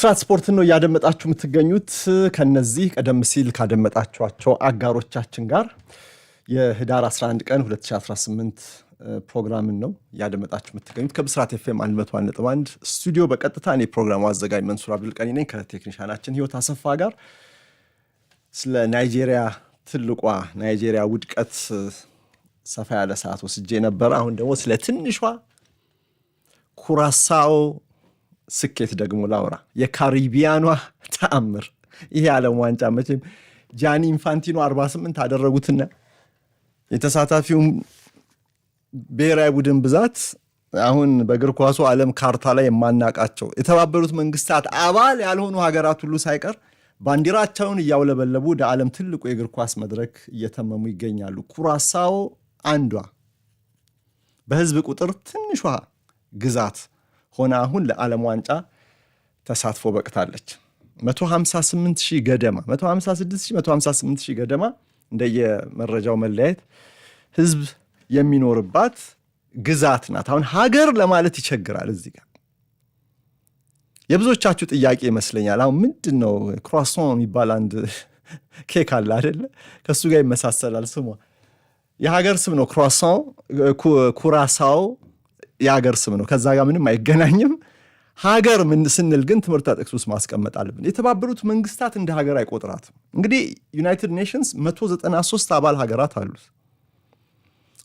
ብስራት ስፖርትን ነው እያደመጣችሁ የምትገኙት። ከነዚህ ቀደም ሲል ካደመጣችኋቸው አጋሮቻችን ጋር የህዳር 11 ቀን 2018 ፕሮግራምን ነው እያደመጣችሁ የምትገኙት ከብስራት ኤፍኤም 101.1 ስቱዲዮ በቀጥታ እኔ ፕሮግራሙ አዘጋጅ መንሱር አብዱልቀኒ ነኝ ከቴክኒሻናችን ህይወት አሰፋ ጋር ስለ ናይጄሪያ ትልቋ ናይጄሪያ ውድቀት ሰፋ ያለ ሰዓት ወስጄ ነበረ። አሁን ደግሞ ስለ ትንሿ ኩራሳኦ ስኬት ደግሞ ላውራ። የካሪቢያኗ ተአምር ይሄ ዓለም ዋንጫ መቼም ጃኒ ኢንፋንቲኖ 48 አደረጉትና የተሳታፊውን ብሔራዊ ቡድን ብዛት አሁን በእግር ኳሱ ዓለም ካርታ ላይ የማናቃቸው የተባበሩት መንግስታት አባል ያልሆኑ ሀገራት ሁሉ ሳይቀር ባንዲራቸውን እያውለበለቡ ወደ ዓለም ትልቁ የእግር ኳስ መድረክ እየተመሙ ይገኛሉ። ኩራሳው አንዷ በህዝብ ቁጥር ትንሿ ግዛት ሆነ አሁን ለዓለም ዋንጫ ተሳትፎ በቅታለች። 158 ሺህ ገደማ 156 158 ሺህ ገደማ እንደየመረጃው መለያየት ህዝብ የሚኖርባት ግዛት ናት። አሁን ሀገር ለማለት ይቸግራል። እዚህ ጋር የብዙዎቻችሁ ጥያቄ ይመስለኛል። አሁን ምንድን ነው ክሮሶን የሚባል አንድ ኬክ አለ አይደለ? ከእሱ ጋር ይመሳሰላል ስሟ። የሀገር ስም ነው ክሮሶን ኩራሳው የሀገር ስም ነው። ከዛ ጋር ምንም አይገናኝም። ሀገር ምን ስንል ግን ትምህርት ጥቅስ ውስጥ ማስቀመጥ አለብን። የተባበሩት መንግስታት እንደ ሀገር አይቆጥራትም። እንግዲህ ዩናይትድ ኔሽንስ 193 አባል ሀገራት አሉት።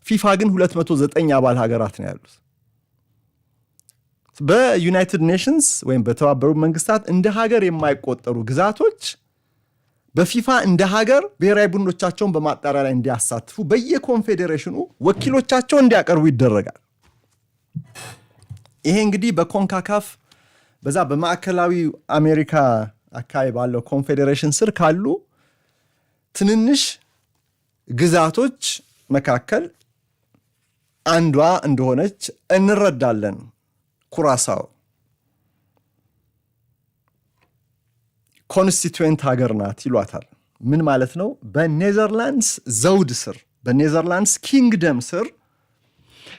ፊፋ ግን 209 አባል ሀገራት ነው ያሉት። በዩናይትድ ኔሽንስ ወይም በተባበሩት መንግስታት እንደ ሀገር የማይቆጠሩ ግዛቶች በፊፋ እንደ ሀገር ብሔራዊ ቡድኖቻቸውን በማጣሪያ ላይ እንዲያሳትፉ በየኮንፌዴሬሽኑ ወኪሎቻቸው እንዲያቀርቡ ይደረጋል። ይሄ እንግዲህ በኮንካካፍ በዛ በማዕከላዊ አሜሪካ አካባቢ ባለው ኮንፌዴሬሽን ስር ካሉ ትንንሽ ግዛቶች መካከል አንዷ እንደሆነች እንረዳለን። ኩራሳው ኮንስቲቱዌንት ሀገር ናት ይሏታል። ምን ማለት ነው? በኔዘርላንድስ ዘውድ ስር በኔዘርላንድስ ኪንግደም ስር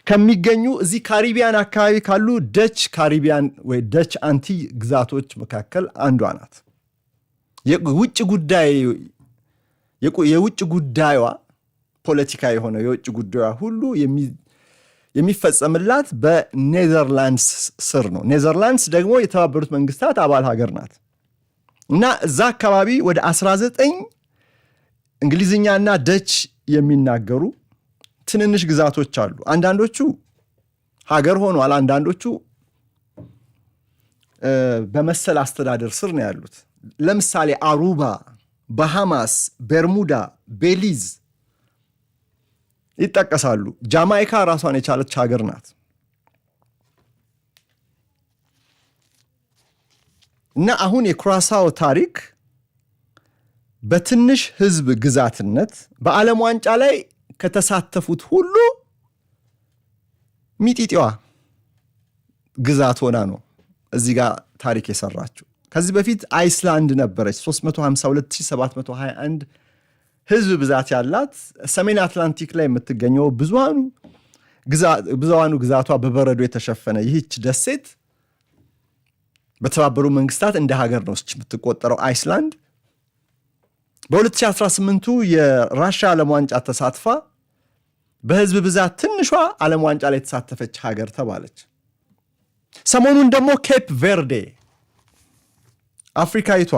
ከሚገኙ እዚህ ካሪቢያን አካባቢ ካሉ ደች ካሪቢያን ወይ ደች አንቲ ግዛቶች መካከል አንዷ ናት። የውጭ ጉዳይ የውጭ ጉዳዩዋ ፖለቲካ የሆነ የውጭ ጉዳዩዋ ሁሉ የሚፈጸምላት በኔዘርላንድስ ስር ነው። ኔዘርላንድስ ደግሞ የተባበሩት መንግስታት አባል ሀገር ናት እና እዛ አካባቢ ወደ 19 እንግሊዝኛና ደች የሚናገሩ ትንንሽ ግዛቶች አሉ። አንዳንዶቹ ሀገር ሆኗል። አንዳንዶቹ በመሰል አስተዳደር ስር ነው ያሉት። ለምሳሌ አሩባ፣ ባሃማስ፣ በርሙዳ ቤሊዝ ይጠቀሳሉ። ጃማይካ ራሷን የቻለች ሀገር ናት። እና አሁን የኩራሳው ታሪክ በትንሽ ህዝብ ግዛትነት በዓለም ዋንጫ ላይ ከተሳተፉት ሁሉ ሚጢጢዋ ግዛት ሆና ነው እዚህ ጋር ታሪክ የሰራችው። ከዚህ በፊት አይስላንድ ነበረች 352721 ህዝብ ብዛት ያላት ሰሜን አትላንቲክ ላይ የምትገኘው ብዙሃኑ ግዛቷ በበረዶ የተሸፈነ ይህች ደሴት በተባበሩ መንግስታት እንደ ሀገር ነው የምትቆጠረው አይስላንድ። በ2018ቱ የራሻ ዓለም ዋንጫ ተሳትፋ በህዝብ ብዛት ትንሿ ዓለም ዋንጫ ላይ የተሳተፈች ሀገር ተባለች። ሰሞኑን ደግሞ ኬፕ ቬርዴ አፍሪካዊቷ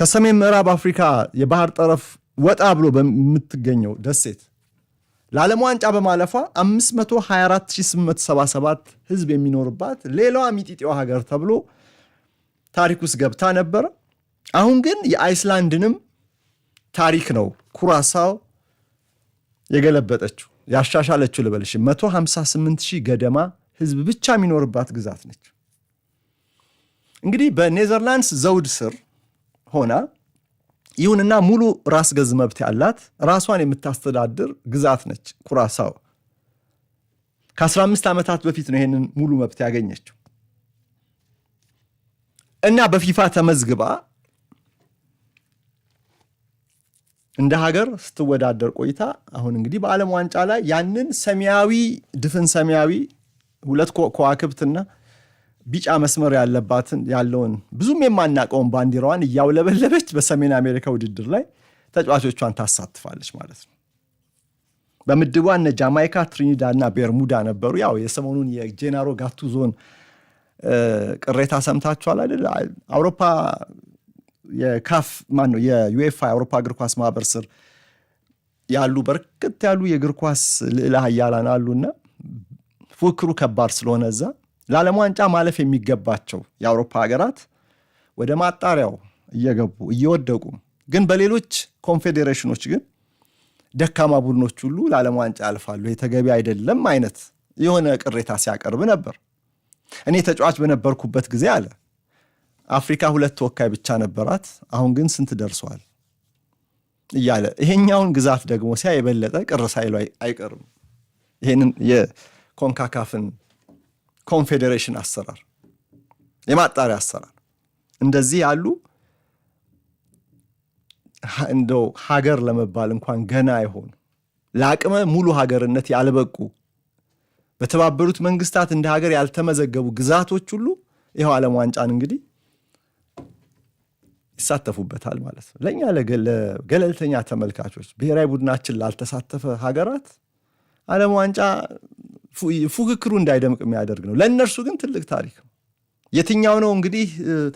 ከሰሜን ምዕራብ አፍሪካ የባህር ጠረፍ ወጣ ብሎ በምትገኘው ደሴት ለዓለም ዋንጫ በማለፏ 524877 ህዝብ የሚኖርባት ሌላዋ ሚጢጢዋ ሀገር ተብሎ ታሪክ ውስጥ ገብታ ነበረ። አሁን ግን የአይስላንድንም ታሪክ ነው ኩራሳው የገለበጠችው ያሻሻለችው ልበልሽ 158 ሺህ ገደማ ህዝብ ብቻ የሚኖርባት ግዛት ነች። እንግዲህ በኔዘርላንድስ ዘውድ ስር ሆና ይሁንና ሙሉ ራስ ገዝ መብት ያላት ራሷን የምታስተዳድር ግዛት ነች ኩራሳው። ከ15 ዓመታት በፊት ነው ይህንን ሙሉ መብት ያገኘችው እና በፊፋ ተመዝግባ እንደ ሀገር ስትወዳደር ቆይታ አሁን እንግዲህ በዓለም ዋንጫ ላይ ያንን ሰማያዊ ድፍን ሰማያዊ ሁለት ከዋክብትና ቢጫ መስመር ያለባትን ያለውን ብዙም የማናቀውን ባንዲራዋን እያውለበለበች በሰሜን አሜሪካ ውድድር ላይ ተጫዋቾቿን ታሳትፋለች ማለት ነው። በምድቧ እነ ጃማይካ፣ ትሪኒዳ እና ቤርሙዳ ነበሩ። ያው የሰሞኑን የጄናሮ ዞን ቅሬታ ሰምታችኋል አይደል? አውሮፓ የካፍ ማን ነው የዩኤፋ የአውሮፓ እግር ኳስ ማህበር ስር ያሉ በርክት ያሉ የእግር ኳስ ልዕለ ኃያላን አሉና ፉክሩ ከባድ ስለሆነ እዛ ለዓለም ዋንጫ ማለፍ የሚገባቸው የአውሮፓ ሀገራት ወደ ማጣሪያው እየገቡ እየወደቁ ግን በሌሎች ኮንፌዴሬሽኖች ግን ደካማ ቡድኖች ሁሉ ለዓለም ዋንጫ ያልፋሉ፣ የተገቢ አይደለም አይነት የሆነ ቅሬታ ሲያቀርብ ነበር። እኔ ተጫዋች በነበርኩበት ጊዜ አለ አፍሪካ ሁለት ተወካይ ብቻ ነበራት፣ አሁን ግን ስንት ደርሰዋል እያለ ይሄኛውን ግዛት ደግሞ ሲያ የበለጠ ቅር ሳይሉ አይቀርም። ይህንን የኮንካካፍን ኮንፌዴሬሽን አሰራር የማጣሪያ አሰራር እንደዚህ ያሉ እንደው ሀገር ለመባል እንኳን ገና አይሆኑ ለአቅመ ሙሉ ሀገርነት ያልበቁ በተባበሩት መንግስታት እንደ ሀገር ያልተመዘገቡ ግዛቶች ሁሉ ይኸው ዓለም ዋንጫን እንግዲህ ይሳተፉበታል ማለት ነው። ለእኛ ለገለልተኛ ተመልካቾች ብሔራዊ ቡድናችን ላልተሳተፈ ሀገራት ዓለም ዋንጫ ፉክክሩ እንዳይደምቅ የሚያደርግ ነው። ለእነርሱ ግን ትልቅ ታሪክ ነው። የትኛው ነው እንግዲህ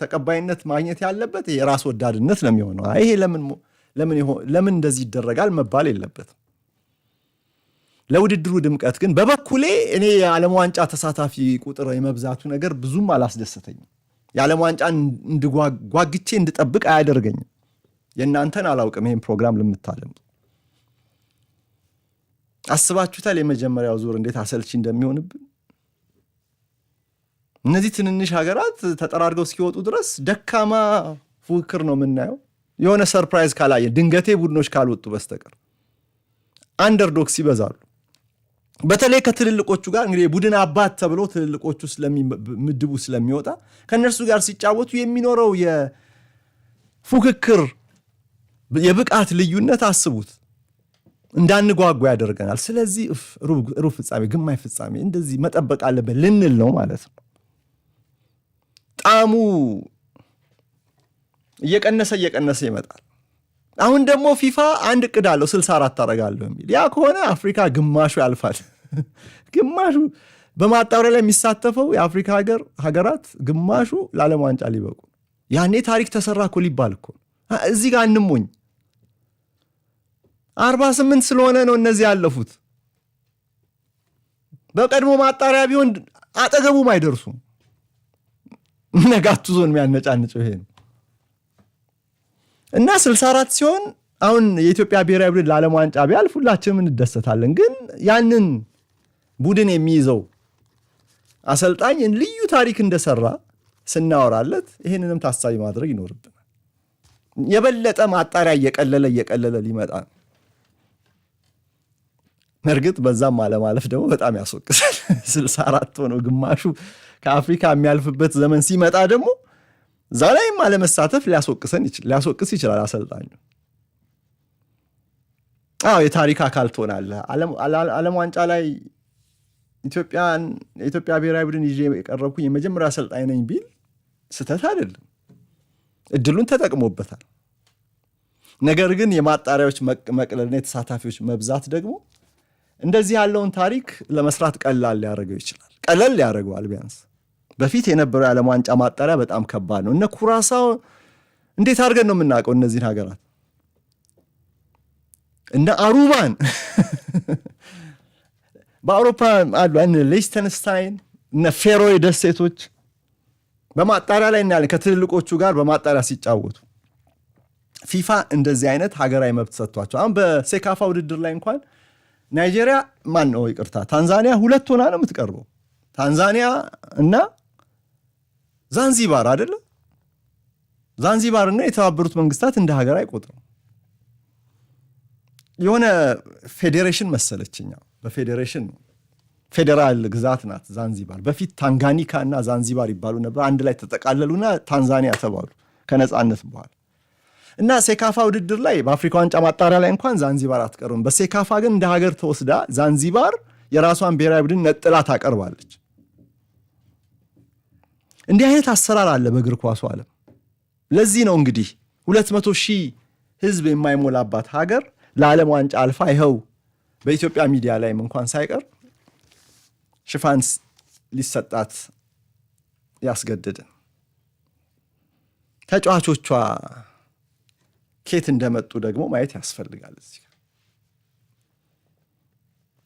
ተቀባይነት ማግኘት ያለበት? የራስ ወዳድነት ነው የሚሆነው። ይሄ ለምን እንደዚህ ይደረጋል መባል የለበትም። ለውድድሩ ድምቀት ግን በበኩሌ እኔ የዓለም ዋንጫ ተሳታፊ ቁጥር የመብዛቱ ነገር ብዙም አላስደሰተኝም። የዓለም ዋንጫ እንድጓግቼ እንድጠብቅ አያደርገኝም። የእናንተን አላውቅም። ይህን ፕሮግራም ልምታለም አስባችሁታል? የመጀመሪያው ዙር እንዴት አሰልቺ እንደሚሆንብን እነዚህ ትንንሽ ሀገራት ተጠራርገው እስኪወጡ ድረስ ደካማ ፉክክር ነው የምናየው። የሆነ ሰርፕራይዝ ካላየን ድንገቴ ቡድኖች ካልወጡ በስተቀር አንደርዶክስ ይበዛሉ። በተለይ ከትልልቆቹ ጋር እንግዲህ የቡድን አባት ተብሎ ትልልቆቹ ምድቡ ስለሚወጣ ከእነርሱ ጋር ሲጫወቱ የሚኖረው የፉክክር የብቃት ልዩነት አስቡት። እንዳንጓጓ ያደርገናል። ስለዚህ ሩብ ፍጻሜ፣ ግማሽ ፍጻሜ እንደዚህ መጠበቅ አለበት ልንል ነው ማለት ነው። ጣዕሙ እየቀነሰ እየቀነሰ ይመጣል። አሁን ደግሞ ፊፋ አንድ እቅድ አለው 64 አደርጋለሁ የሚል ያ ከሆነ አፍሪካ ግማሹ ያልፋል። ግማሹ በማጣሪያ ላይ የሚሳተፈው የአፍሪካ ሀገር ሀገራት ግማሹ ለዓለም ዋንጫ ሊበቁ ያኔ ታሪክ ተሰራ እኮ ሊባል እኮ እዚህ ጋር እንሞኝ። አርባ ስምንት ስለሆነ ነው እነዚህ ያለፉት። በቀድሞ ማጣሪያ ቢሆን አጠገቡም አይደርሱም። ነጋቱ ዞን የሚያነጫንጨው ይሄ ነው። እና 64 ሲሆን አሁን የኢትዮጵያ ብሔራዊ ቡድን ለዓለም ዋንጫ ቢያልፍ ሁላችንም እንደሰታለን። ግን ያንን ቡድን የሚይዘው አሰልጣኝ ልዩ ታሪክ እንደሰራ ስናወራለት ይህንንም ታሳቢ ማድረግ ይኖርብናል። የበለጠ ማጣሪያ እየቀለለ እየቀለለ ሊመጣ እርግጥ በዛም አለማለፍ ደግሞ በጣም ያስወቅሳል። 64 ሆኖ ግማሹ ከአፍሪካ የሚያልፍበት ዘመን ሲመጣ ደግሞ እዛ ላይም አለመሳተፍ ሊያስወቅስ ይችላል አሰልጣኙ። አዎ የታሪክ አካል ትሆናለህ። ዓለም ዋንጫ ላይ የኢትዮጵያ ብሔራዊ ቡድን ይዤ የቀረብኩኝ የመጀመሪያ አሰልጣኝ ነኝ ቢል ስህተት አይደለም። እድሉን ተጠቅሞበታል። ነገር ግን የማጣሪያዎች መቅለልና የተሳታፊዎች መብዛት ደግሞ እንደዚህ ያለውን ታሪክ ለመስራት ቀላል ሊያደርገው ይችላል። ቀለል ያደርገዋል ቢያንስ በፊት የነበረው የዓለም ዋንጫ ማጣሪያ በጣም ከባድ ነው። እነ ኩራሳው እንዴት አድርገን ነው የምናውቀው? እነዚህን ሀገራት እነ አሩባን በአውሮፓ አሉ፣ ሌስተንስታይን፣ እነ ፌሮይ ደሴቶች በማጣሪያ ላይ እናያለን ከትልልቆቹ ጋር በማጣሪያ ሲጫወቱ። ፊፋ እንደዚህ አይነት ሀገራዊ መብት ሰጥቷቸው አሁን በሴካፋ ውድድር ላይ እንኳን ናይጄሪያ ማን ነው ይቅርታ፣ ታንዛኒያ ሁለት ሆና ነው የምትቀርበው ታንዛኒያ እና ዛንዚባር አይደለም። ዛንዚባርና የተባበሩት መንግስታት እንደ ሀገር አይቆጥርም። የሆነ ፌዴሬሽን መሰለችኛ በፌዴሬሽን ነው ፌዴራል ግዛት ናት ዛንዚባር። በፊት ታንጋኒካ እና ዛንዚባር ይባሉ ነበር። አንድ ላይ ተጠቃለሉና ታንዛኒያ ተባሉ ከነፃነት በኋላ እና ሴካፋ ውድድር ላይ በአፍሪካ ዋንጫ ማጣሪያ ላይ እንኳን ዛንዚባር አትቀርብም። በሴካፋ ግን እንደ ሀገር ተወስዳ ዛንዚባር የራሷን ብሔራዊ ቡድን ነጥላ ታቀርባለች። እንዲህ አይነት አሰራር አለ በእግር ኳሱ አለም ለዚህ ነው እንግዲህ ሁለት መቶ ሺህ ህዝብ የማይሞላባት ሀገር ለዓለም ዋንጫ አልፋ ይኸው በኢትዮጵያ ሚዲያ ላይም እንኳን ሳይቀር ሽፋን ሊሰጣት ያስገድድ ተጫዋቾቿ ኬት እንደመጡ ደግሞ ማየት ያስፈልጋል። እዚህ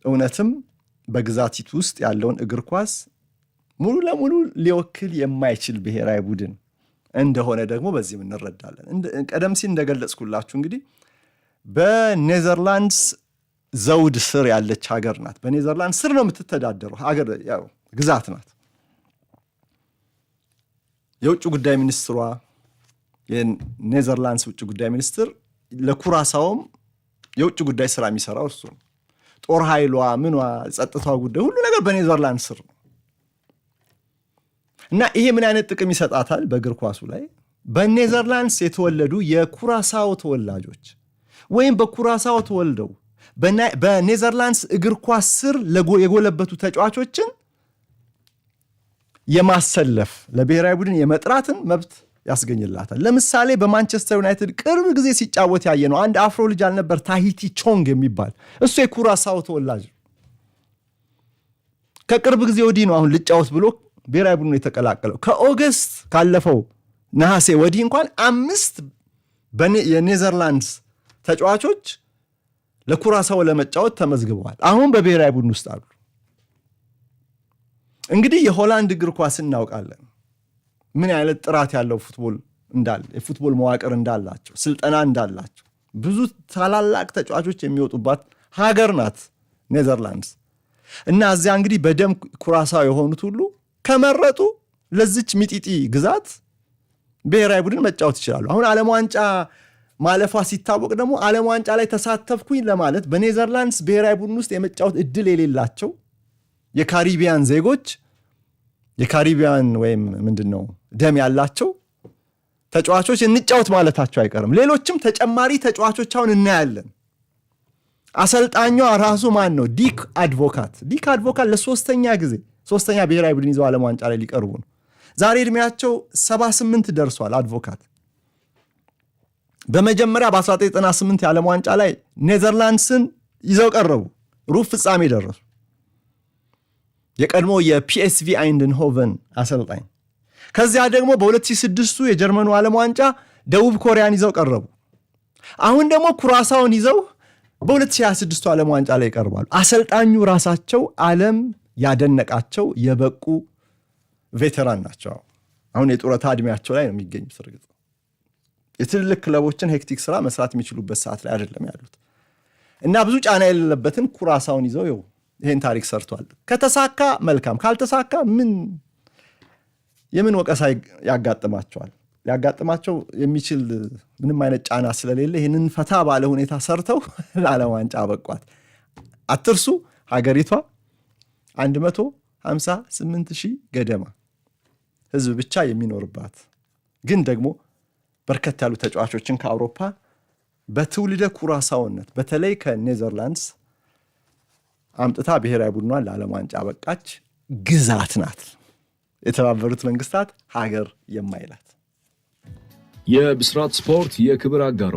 እውነትም በግዛቲቱ ውስጥ ያለውን እግር ኳስ ሙሉ ለሙሉ ሊወክል የማይችል ብሔራዊ ቡድን እንደሆነ ደግሞ በዚህም እንረዳለን። ቀደም ሲል እንደገለጽኩላችሁ እንግዲህ በኔዘርላንድስ ዘውድ ስር ያለች ሀገር ናት። በኔዘርላንድ ስር ነው የምትተዳደረው ሀገር ያው ግዛት ናት። የውጭ ጉዳይ ሚኒስትሯ የኔዘርላንድስ ውጭ ጉዳይ ሚኒስትር ለኩራሳውም የውጭ ጉዳይ ስራ የሚሰራው እሱ ነው። ጦር ኃይሏ ምኗ፣ ጸጥታ ጉዳይ ሁሉ ነገር በኔዘርላንድ ስር ነው። እና ይሄ ምን አይነት ጥቅም ይሰጣታል? በእግር ኳሱ ላይ በኔዘርላንድስ የተወለዱ የኩራሳው ተወላጆች ወይም በኩራሳው ተወልደው በኔዘርላንድስ እግር ኳስ ስር የጎለበቱ ተጫዋቾችን የማሰለፍ ለብሔራዊ ቡድን የመጥራትን መብት ያስገኝላታል። ለምሳሌ በማንቸስተር ዩናይትድ ቅርብ ጊዜ ሲጫወት ያየ ነው አንድ አፍሮ ልጅ አልነበር ታሂቲ ቾንግ የሚባል እሱ የኩራሳው ተወላጅ ከቅርብ ጊዜ ወዲህ ነው አሁን ልጫወት ብሎ ብሔራዊ ቡድኑ የተቀላቀለው። ከኦገስት ካለፈው ነሐሴ ወዲህ እንኳን አምስት የኔዘርላንድስ ተጫዋቾች ለኩራሳው ለመጫወት ተመዝግበዋል። አሁን በብሔራዊ ቡድን ውስጥ አሉ። እንግዲህ የሆላንድ እግር ኳስ እናውቃለን፣ ምን አይነት ጥራት ያለው ፉትቦል እንዳለ፣ የፉትቦል መዋቅር እንዳላቸው፣ ስልጠና እንዳላቸው፣ ብዙ ታላላቅ ተጫዋቾች የሚወጡባት ሀገር ናት ኔዘርላንድስ እና እዚያ እንግዲህ በደም ኩራሳው የሆኑት ሁሉ ከመረጡ ለዚች ሚጢጢ ግዛት ብሔራዊ ቡድን መጫወት ይችላሉ። አሁን ዓለም ዋንጫ ማለፏ ሲታወቅ ደግሞ ዓለም ዋንጫ ላይ ተሳተፍኩኝ ለማለት በኔዘርላንድስ ብሔራዊ ቡድን ውስጥ የመጫወት እድል የሌላቸው የካሪቢያን ዜጎች የካሪቢያን ወይም ምንድን ነው ደም ያላቸው ተጫዋቾች እንጫወት ማለታቸው አይቀርም። ሌሎችም ተጨማሪ ተጫዋቾች አሁን እናያለን። አሰልጣኟ ራሱ ማን ነው? ዲክ አድቮካት ዲክ አድቮካት ለሶስተኛ ጊዜ ሶስተኛ ብሔራዊ ቡድን ይዘው ዓለም ዋንጫ ላይ ሊቀርቡ ነው። ዛሬ እድሜያቸው 78 ደርሷል። አድቮካት በመጀመሪያ በ1998 የዓለም ዋንጫ ላይ ኔዘርላንድስን ይዘው ቀረቡ፣ ሩብ ፍጻሜ ደረሱ። የቀድሞ የፒኤስቪ ሆቨን አሰልጣኝ። ከዚያ ደግሞ በ2006ቱ የጀርመኑ ዓለም ዋንጫ ደቡብ ኮሪያን ይዘው ቀረቡ። አሁን ደግሞ ኩራሳውን ይዘው በ2026ቱ ዓለም ዋንጫ ላይ ይቀርባሉ። አሰልጣኙ ራሳቸው ዓለም ያደነቃቸው የበቁ ቬተራን ናቸው። አሁን የጡረታ እድሜያቸው ላይ ነው የሚገኙት። እርግጥ የትልልቅ ክለቦችን ሄክቲክ ስራ መስራት የሚችሉበት ሰዓት ላይ አይደለም ያሉት እና ብዙ ጫና የሌለበትን ኩራሳውን ይዘው ይኸው ይህን ታሪክ ሰርቷል። ከተሳካ መልካም፣ ካልተሳካ ምን የምን ወቀሳ ያጋጥማቸዋል? ሊያጋጥማቸው የሚችል ምንም አይነት ጫና ስለሌለ ይህንን ፈታ ባለ ሁኔታ ሰርተው ለዓለም ዋንጫ አበቋት። አትርሱ ሀገሪቷ 158 ሺህ ገደማ ህዝብ ብቻ የሚኖርባት ግን ደግሞ በርከት ያሉ ተጫዋቾችን ከአውሮፓ በትውልደ ኩራሳውነት በተለይ ከኔዘርላንድስ አምጥታ ብሔራዊ ቡድኗን ለዓለም ዋንጫ በቃች ግዛት ናት። የተባበሩት መንግስታት ሀገር የማይላት የብስራት ስፖርት የክብር አጋሮ